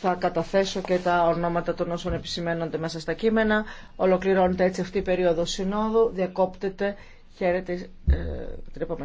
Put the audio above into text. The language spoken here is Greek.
Θα καταθέσω και τα ονόματα των όσων επισημένονται μέσα στα κείμενα. Ολοκληρώνεται έτσι αυτή η περίοδος συνόδου. Διακόπτεται. Χαίρετε ε, επόμενη.